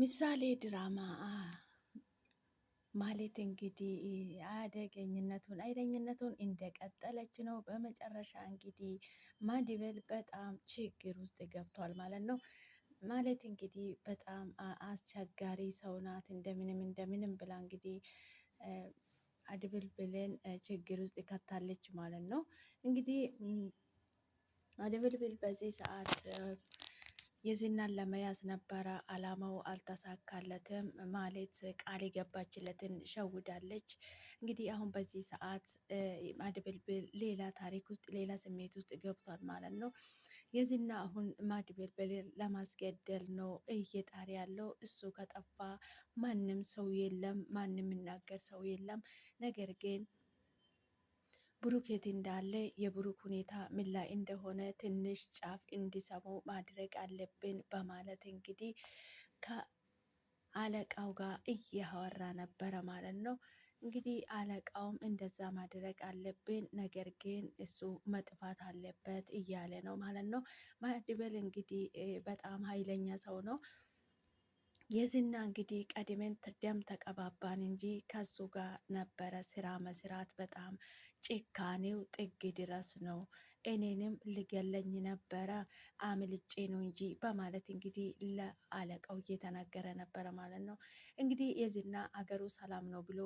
ምሳሌ ድራማ ማለት እንግዲህ አደገኝነቱን አይደኝነቱን እንደቀጠለች ነው። በመጨረሻ እንግዲህ ማዲበል በጣም ችግር ውስጥ ገብቷል ማለት ነው። ማለት እንግዲህ በጣም አስቸጋሪ ሰው ናት። እንደምንም እንደምንም ብላ እንግዲህ አድብል ብልን ችግር ውስጥ ከታለች ማለት ነው። እንግዲህ አድብል ብል በዚህ ሰዓት የዝናን ለመያዝ ነበረ አላማው፣ አልተሳካለትም። ማለት ቃል የገባችለትን ሸውዳለች። እንግዲህ አሁን በዚህ ሰዓት ማድበልብል ሌላ ታሪክ ውስጥ ሌላ ስሜት ውስጥ ገብቷል ማለት ነው። የዝና አሁን ማድበልብል ለማስገደል ነው እየጣር ያለው። እሱ ከጠፋ ማንም ሰው የለም፣ ማንም የሚናገር ሰው የለም። ነገር ግን ብሩክ የት እንዳለ የብሩክ ሁኔታ ምን ላይ እንደሆነ ትንሽ ጫፍ እንዲሰሙ ማድረግ አለብን በማለት እንግዲህ ከአለቃው ጋር እያወራ ነበረ ማለት ነው። እንግዲህ አለቃውም እንደዛ ማድረግ አለብን፣ ነገር ግን እሱ መጥፋት አለበት እያለ ነው ማለት ነው። ማድበል እንግዲህ በጣም ኃይለኛ ሰው ነው። የዝና እንግዲህ ቀድመን ደም ተቀባባን እንጂ ከሱ ጋር ነበረ ስራ መስራት በጣም ጭካኔው ጥግ ድረስ ነው። እኔንም ልገለኝ ነበረ አምልጬ ነው እንጂ በማለት እንግዲህ ለአለቃው እየተናገረ ነበረ ማለት ነው። እንግዲህ የዝና አገሩ ሰላም ነው ብሎ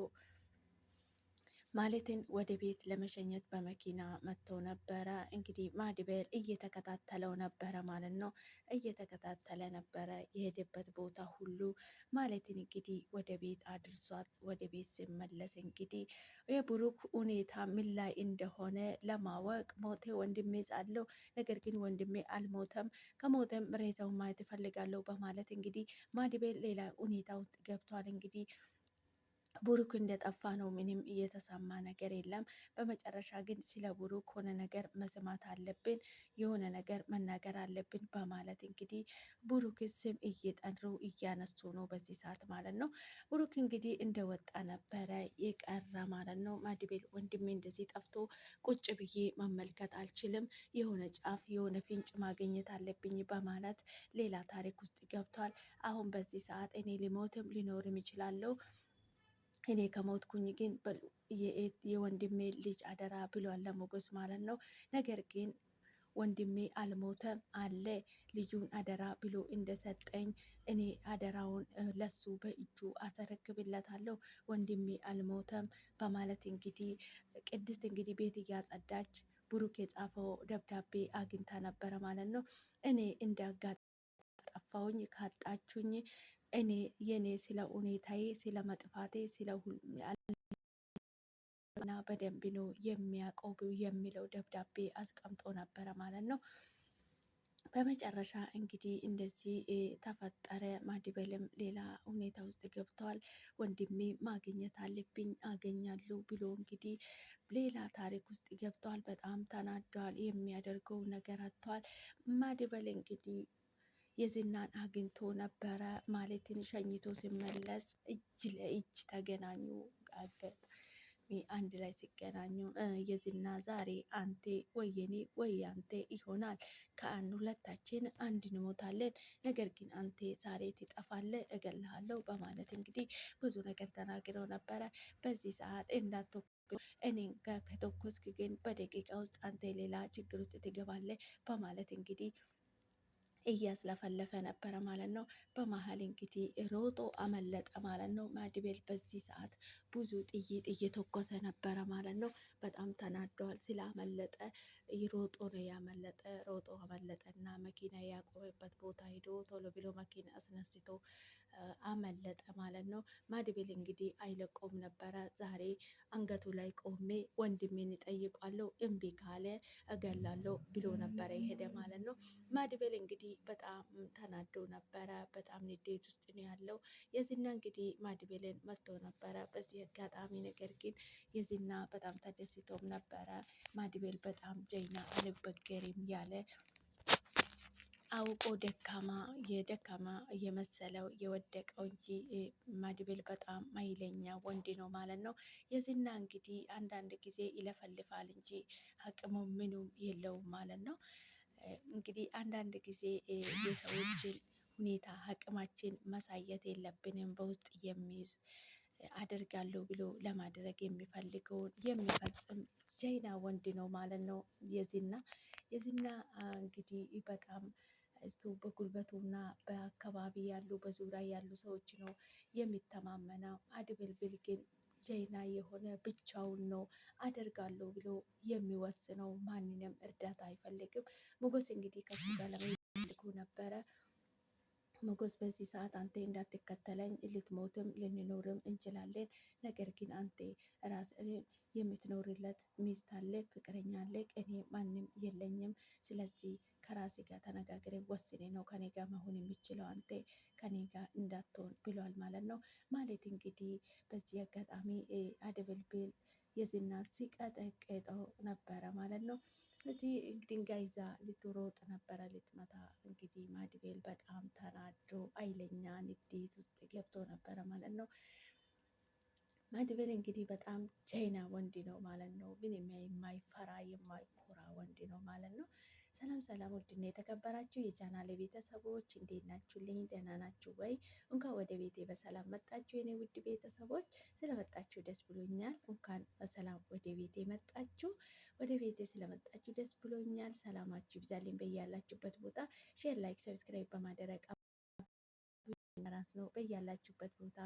ማለትን ወደ ቤት ለመሸኘት በመኪና መጥተው ነበረ። እንግዲህ ማድቤል እየተከታተለው ነበረ ማለት ነው። እየተከታተለ ነበረ የሄደበት ቦታ ሁሉ ማለትን እንግዲህ ወደ ቤት አድርሷት፣ ወደ ቤት ሲመለስ እንግዲህ የብሩክ ሁኔታ ምን ላይ እንደሆነ ለማወቅ ሞቴ ወንድሜ ጻለው፣ ነገር ግን ወንድሜ አልሞተም፣ ከሞተም ሬሳውን ማየት እፈልጋለሁ በማለት እንግዲህ ማድቤል ሌላ ሁኔታ ውስጥ ገብቷል እንግዲህ ቡሩክ እንደጠፋ ነው። ምንም እየተሰማ ነገር የለም። በመጨረሻ ግን ስለ ቡሩክ ሆነ ነገር መስማት አለብን፣ የሆነ ነገር መናገር አለብን በማለት እንግዲህ ቡሩክ ስም እየጠሩ እያነሱ ነው በዚህ ሰዓት ማለት ነው። ቡሩክ እንግዲህ እንደወጣ ነበረ የቀረ ማለት ነው። ማድቤል ወንድሜ እንደዚህ ጠፍቶ ቁጭ ብዬ መመልከት አልችልም፣ የሆነ ጫፍ የሆነ ፍንጭ ማግኘት አለብኝ በማለት ሌላ ታሪክ ውስጥ ገብቷል። አሁን በዚህ ሰዓት እኔ ሊሞትም ሊኖርም ይችላለሁ እኔ ከሞትኩኝ ግን የወንድሜ ልጅ አደራ ብሏል ለሞገስ ማለት ነው። ነገር ግን ወንድሜ አልሞተም አለ ልጁን አደራ ብሎ እንደሰጠኝ እኔ አደራውን ለሱ በእጁ አስረክብለታለሁ ወንድሜ አልሞተም በማለት እንግዲህ ቅድስት እንግዲህ ቤት እያጸዳች ብሩክ የጻፈው ደብዳቤ አግኝታ ነበረ ማለት ነው። እኔ እንዳጋ ጠፋውኝ ካጣችሁኝ እኔ የኔ ስለ ሁኔታዬ ስለ መጥፋቴ ስለ ሁና በደንብ ነው የሚያቆብ የሚለው ደብዳቤ አስቀምጦ ነበረ ማለት ነው። በመጨረሻ እንግዲህ እንደዚህ ተፈጠረ። ማድበልም ሌላ ሁኔታ ውስጥ ገብተዋል። ወንድሜ ማግኘት አለብኝ አገኛሉ ብሎ እንግዲህ ሌላ ታሪክ ውስጥ ገብተዋል። በጣም ተናደዋል። የሚያደርገው ነገር አጥተዋል። ማዲበል እንግዲህ የዝናን አግኝቶ ነበረ ማለትን ሸኝቶ ሲመለስ እጅ ለእጅ ተገናኙ። አንድ ላይ ሲገናኙ የዝና ዛሬ አንቴ ወየኔ አንቴ ይሆናል። ከአንድ ሁለታችን አንድ እንሞታለን፣ ነገር ግን አንቴ ዛሬ ትጠፋለ እገልሃለሁ በማለት እንግዲህ ብዙ ነገር ተናግረው ነበረ። በዚህ ሰዓት እንዳቶ እኔ ጋር ከተኮስክ ግን በደቂቃ ውስጥ አንተ ሌላ ችግር ውስጥ ትገባለህ በማለት እንግዲህ እያስለፈለፈ ነበረ ማለት ነው። በመሀል እንግዲህ ሮጦ አመለጠ ማለት ነው። ማድቤል በዚህ ሰዓት ብዙ ጥይት እየተኮሰ ነበረ ማለት ነው። በጣም ተናደዋል። ስላመለጠ ሮጦ ነው ያመለጠ። ሮጦ አመለጠና መኪና ያቆመበት ቦታ ሄዶ ቶሎ ብሎ መኪና አስነስቶ አመለጠ ማለት ነው። ማድቤል እንግዲህ አይለቆም ነበረ። ዛሬ አንገቱ ላይ ቆሜ ወንድሜን እጠይቃለሁ እምቢ ካለ እገላለሁ ብሎ ነበረ የሄደ ማለት ነው። ማድቤል እንግዲህ በጣም ተናዶ ነበረ። በጣም ንዴት ውስጥ ነው ያለው። የዝና እንግዲህ ማድቤልን መቶ ነበረ በዚህ አጋጣሚ ነገር ግን የዝና በጣም ተደስቶም ነበረ። ማድቤል በጣም ጀና አልበገሬም ያለ አውቆ ደካማ የደካማ የመሰለው የወደቀው እንጂ መድብል በጣም ኃይለኛ ወንድ ነው ማለት ነው። የዝና እንግዲህ አንዳንድ ጊዜ ይለፈልፋል እንጂ አቅሙ ምኑም የለውም ማለት ነው። እንግዲህ አንዳንድ ጊዜ የሰዎችን ሁኔታ አቅማችን ማሳየት የለብንም። በውስጥ የሚይዝ አደርጋለሁ ብሎ ለማድረግ የሚፈልገውን የሚፈጽም ጀይና ወንድ ነው ማለት ነው። የዝና የዝና እንግዲህ በጣም እሱ በጉልበቱና በአካባቢ ያሉ በዙሪያ ያሉ ሰዎች ነው የሚተማመነው። አድብልብል ግን ጀይና የሆነ ብቻውን ነው አደርጋለሁ ብሎ የሚወስነው፣ ማንንም እርዳታ አይፈልግም። ሞገስ እንግዲህ ከሱ ጋር ለመልኩ ነበረ። ሞገስ በዚህ ሰዓት አንተ እንዳትከተለኝ ልትሞትም ልንኖርም እንችላለን፣ ነገር ግን አንተ ራስህን የምትኖርለት ሚስት አለ፣ ፍቅረኛ አለ። እኔ ማንም የለኝም። ስለዚህ ከራሴ ጋር ተነጋግሬ ወስኔ ነው ከኔ ጋር መሆን የሚችለው አንተ ከኔ ጋር እንዳትሆን ብሏል ማለት ነው። ማለት እንግዲህ በዚህ አጋጣሚ አድብልብል የዝና ሲቀጠቅጠው ነበረ ማለት ነው። እዚህ ድንጋይ ይዛ ልትሮጥ ነበረ ልትመታ። እንግዲህ ማድቤል በጣም ተናዶ አይለኛ ንዴት ውስጥ ገብቶ ነበረ ማለት ነው። መድብል እንግዲህ በጣም ቻይና ወንድ ነው ማለት ነው። ግን የማይፈራ የማይኮራ ወንድ ነው ማለት ነው። ሰላም ሰላም፣ ውድና የተከበራችሁ የቻናሌ ቤተሰቦች እንዴት ናችሁልኝ? ደህና ናችሁ ወይ? እንኳን ወደ ቤቴ በሰላም መጣችሁ። የኔ ውድ ቤተሰቦች ስለመጣችሁ ደስ ብሎኛል። እንኳን በሰላም ወደ ቤቴ መጣችሁ። ወደ ቤቴ ስለመጣችሁ ደስ ብሎኛል። ሰላማችሁ ይብዛልኝ። በያላችሁበት ቦታ ሼር፣ ላይክ፣ ሰብስክራይብ በማድረግ ራስ ነው። በያላችሁበት ቦታ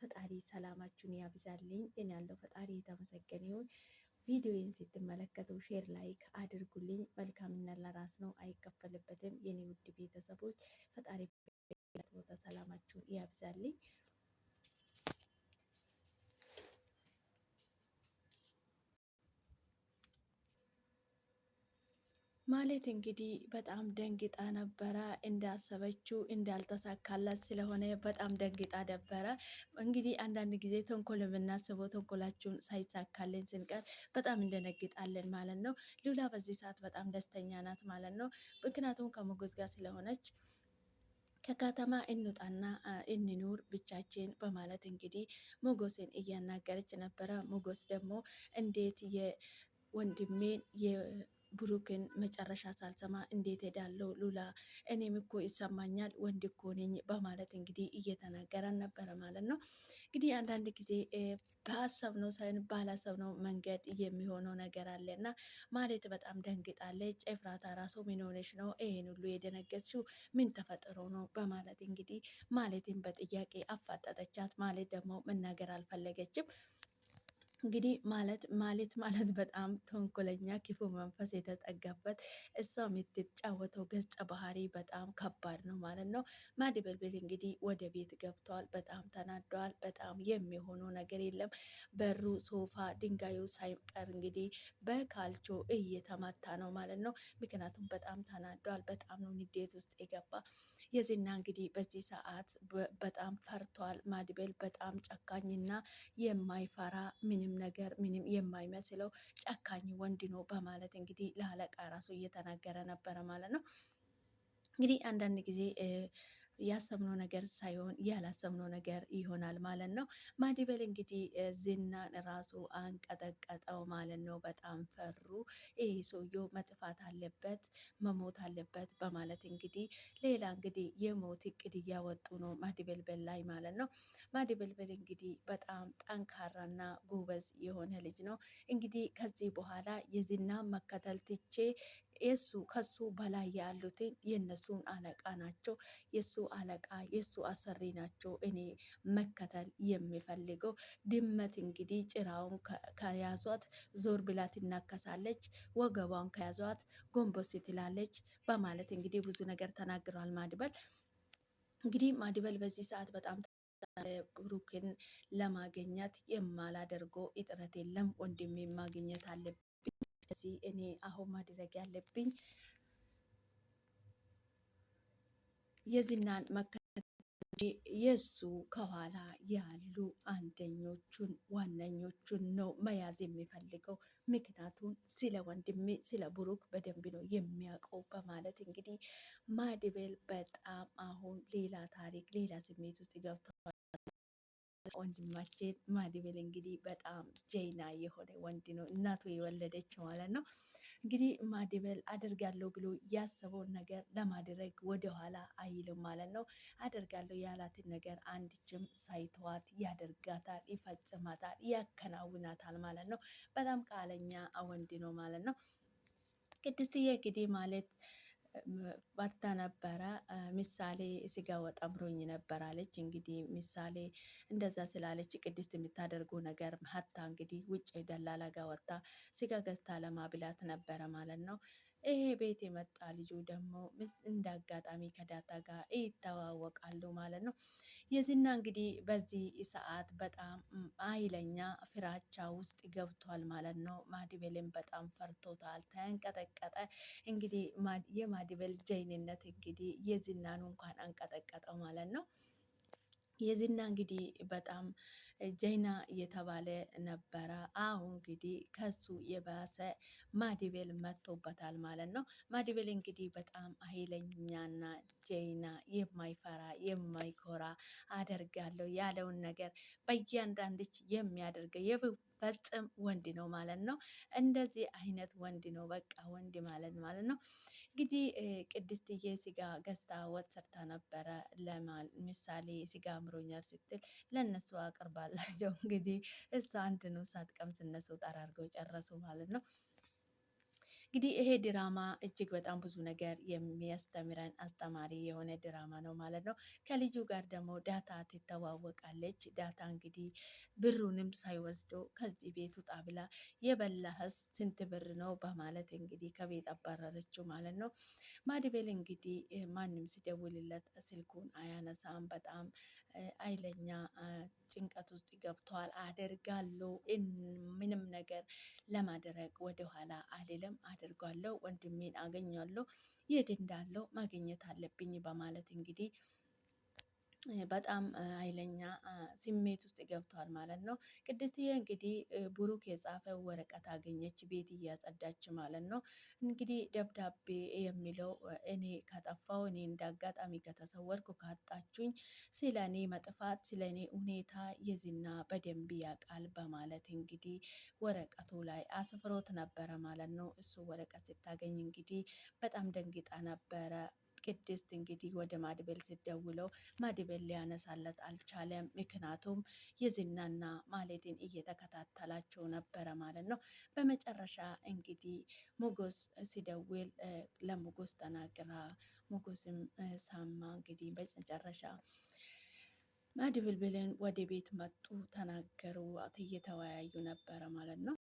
ፈጣሪ ሰላማችሁን ያብዛልኝ። እኔ ያለው ፈጣሪ የተመሰገነ ይሁን። ቪዲዮውን ስትመለከቱ ሼር ላይክ አድርጉልኝ። መልካምና ለራስ ነው፣ አይከፈልበትም። የኔ ውድ ቤተሰቦች ፈጣሪ ቦታ ሰላማችሁን ያብዛልኝ። ማለት እንግዲህ በጣም ደንግጣ ነበረ። እንዳሰበችው እንዳልተሳካላት ስለሆነ በጣም ደንግጣ ነበረ። እንግዲህ አንዳንድ ጊዜ ተንኮል የምናስበው ተንኮላችሁን ሳይሳካልን ስንቀር በጣም እንደነግጣለን ማለት ነው። ሉላ በዚህ ሰዓት በጣም ደስተኛ ናት ማለት ነው። ምክንያቱም ከሞገስ ጋር ስለሆነች ከከተማ እንውጣና እንኑር ብቻችን በማለት እንግዲህ ሞገስን እያናገረች ነበረ። ሞገስ ደግሞ እንዴት የወንድሜን ብሩክን መጨረሻ ሳልሰማ እንዴት ሄዳለው ሉላ፣ እኔም እኮ ይሰማኛል ወንድ እኮ ነኝ በማለት እንግዲህ እየተናገረን ነበረ ማለት ነው። እንግዲህ አንዳንድ ጊዜ በአሰብነው ሳይሆን ባላሰብነው መንገድ የሚሆነው ነገር አለ እና ማለት በጣም ደንግጣለች። ኤፍራታ ራሱ ምን ሆነሽ ነው ይሄን ሁሉ የደነገጥሽው? ምን ተፈጥሮ ነው? በማለት እንግዲህ ማለትን በጥያቄ አፋጠጠቻት። ማለት ደግሞ መናገር አልፈለገችም። እንግዲህ ማለት ማሌት ማለት በጣም ተንኮለኛ ክፉ መንፈስ የተጠጋበት እሷ የምትጫወተው ገጸ ባህሪ በጣም ከባድ ነው ማለት ነው። ማድበልብል እንግዲህ ወደ ቤት ገብተዋል። በጣም ተናደዋል። በጣም የሚሆኑ ነገር የለም። በሩ፣ ሶፋ፣ ድንጋዩ ሳይቀር እንግዲህ በካልቾ እየተማታ ነው ማለት ነው። ምክንያቱም በጣም ተናደዋል። በጣም ነው ንዴት ውስጥ የገባ የዚና እንግዲህ በዚህ ሰዓት በጣም ፈርቷል። ማድበል በጣም ጨካኝና የማይፈራ ምንም ምንም ነገር ምንም የማይመስለው ጨካኝ ወንድ ነው በማለት እንግዲህ ለአለቃ ራሱ እየተናገረ ነበረ ማለት ነው። እንግዲህ አንዳንድ ጊዜ ያሰምነው ነገር ሳይሆን ያላሰምነው ነገር ይሆናል ማለት ነው። ማዲበል እንግዲህ ዝናን ራሱ አንቀጠቀጠው ማለት ነው። በጣም ፈሩ። ይህ ሰውየ መጥፋት አለበት መሞት አለበት በማለት እንግዲህ ሌላ እንግዲህ የሞት እቅድ እያወጡ ነው ማዲበልበል ላይ ማለት ነው። በል እንግዲህ በጣም ጠንካራና ጎበዝ የሆነ ልጅ ነው። እንግዲህ ከዚህ በኋላ የዝና መከተል ትቼ የሱ ከሱ በላይ ያሉትን የነሱን አለቃ ናቸው። የሱ አለቃ የሱ አሰሪ ናቸው። እኔ መከተል የሚፈልገው ድመት እንግዲህ ጭራውን ከያዟት ዞር ብላ ትናከሳለች፣ ወገቧን ከያዟት ጎንበስ ትላለች በማለት እንግዲህ ብዙ ነገር ተናግረዋል። ማድበል እንግዲህ ማድበል በዚህ ሰዓት በጣም ብሩክን ለማገኘት የማላደርገው ጥረት የለም። ወንድሜ ማግኘት አለብኝ። ስለዚህ እኔ አሁን ማድረግ ያለብኝ የዝናን መከታተል የእሱ ከኋላ ያሉ አንደኞቹን ዋነኞቹን ነው መያዝ የሚፈልገው። ምክንያቱም ስለ ወንድሜ ስለ ብሩክ በደንብ ነው የሚያውቀው በማለት እንግዲህ ማድቤል በጣም አሁን ሌላ ታሪክ ሌላ ስሜት ውስጥ ገብቷል። ወንድማችን ማድብል እንግዲህ በጣም ጀይና የሆነ ወንድ ነው። እናቱ የወለደች ማለት ነው። እንግዲህ ማድብል አደርጋለሁ ብሎ ያሰበውን ነገር ለማድረግ ወደኋላ አይልም ማለት ነው። አደርጋለሁ ያላትን ነገር አንድችም ሳይተዋት ያደርጋታል፣ ይፈጽማታል፣ ያከናውናታል ማለት ነው። በጣም ቃለኛ ወንድ ነው ማለት ነው። ቅድስትዬ እንግዲህ ማለት በርታ ነበረ። ምሳሌ ስጋ ወጥ አምሮኝ ነበር አለች። እንግዲህ ምሳሌ እንደዛ ስላለች ቅድስት የምታደርጉ ነገር ሀታ እንግዲህ ውጭ ደላላ ጋ ወጥታ ስጋ ገዝታ ለማብላት ነበረ ማለት ነው። ይሄ ቤት የመጣ ልጁ ደግሞ እንደ አጋጣሚ ከዳታ ጋር ይተዋወቃሉ ማለት ነው። የዝና እንግዲህ በዚህ ሰዓት በጣም ኃይለኛ ፍራቻ ውስጥ ገብቷል ማለት ነው። ማዲቤልን በጣም ፈርቶታል፣ ተንቀጠቀጠ። እንግዲህ የማዲቤል ጀይንነት እንግዲህ የዝናኑ እንኳን አንቀጠቀጠው ማለት ነው። የዝና እንግዲህ በጣም ጀይና የተባለ ነበረ። አሁን እንግዲህ ከሱ የባሰ ማዲቤል መጥቶበታል ማለት ነው። ማዲቤል እንግዲህ በጣም ኃይለኛና ጀይና የማይፈራ የማይኮራ አደርጋለሁ ያለውን ነገር በእያንዳንድች የሚያደርገ ፈጽም ወንድ ነው ማለት ነው። እንደዚህ አይነት ወንድ ነው በቃ ወንድ ማለት ማለት ነው። እንግዲህ ቅድስትዬ ስጋ ገዝታ ወጥ ሰርታ ነበረ። ለምሳሌ ስጋ አምሮኛል ስትል ለእነሱ አቅርባላቸው እንግዲህ እሷ አንድ ነው ሳትቀምስ እነሱ ጠራርገው ጨረሱ ማለት ነው። እንግዲህ ይሄ ድራማ እጅግ በጣም ብዙ ነገር የሚያስተምረን አስተማሪ የሆነ ድራማ ነው ማለት ነው። ከልጁ ጋር ደግሞ ዳታ ትተዋወቃለች። ዳታ እንግዲህ ብሩንም ሳይወስዶ ከዚህ ቤት ውጣ ብላ የበላህስ ስንት ብር ነው በማለት እንግዲህ ከቤት አባረረችው ማለት ነው። ማድቤል እንግዲህ ማንም ሲደውልለት ስልኩን አያነሳም። በጣም አይለኛ ጭንቀት ውስጥ ገብቷል አደርጋለሁ ምንም ነገር ለማድረግ ወደኋላ አልልም፣ አደርጋለሁ። ወንድሜን አገኛለሁ፣ የት እንዳለው ማግኘት አለብኝ በማለት እንግዲህ በጣም ኃይለኛ ስሜት ውስጥ ገብቷል ማለት ነው። ቅድስትዬ እንግዲህ ብሩክ የጻፈው ወረቀት አገኘች ቤት እያጸዳች ማለት ነው። እንግዲህ ደብዳቤ የሚለው እኔ ከጠፋው እኔ እንዳጋጣሚ አጋጣሚ ከተሰወርኩ ካጣችሁኝ ስለ እኔ መጥፋት ስለ እኔ ሁኔታ የዝና በደንብ ያውቃል በማለት እንግዲህ ወረቀቱ ላይ አስፍሮት ነበረ ማለት ነው። እሱ ወረቀት ስታገኝ እንግዲህ በጣም ደንግጣ ነበረ ቅድስት እንግዲህ ወደ ማድበል ስትደውለው ማድበል ሊያነሳለት አልቻለም። ምክንያቱም የዝናና ማለትን እየተከታተላቸው ነበረ ማለት ነው። በመጨረሻ እንግዲህ ሞጎስ ሲደውል ለሞጎስ ተናግራ ሞጎስም ሳማ እንግዲህ በመጨረሻ ማድበልብልን ወደ ቤት መጡ፣ ተናገሩ፣ እየተወያዩ ነበረ ማለት ነው።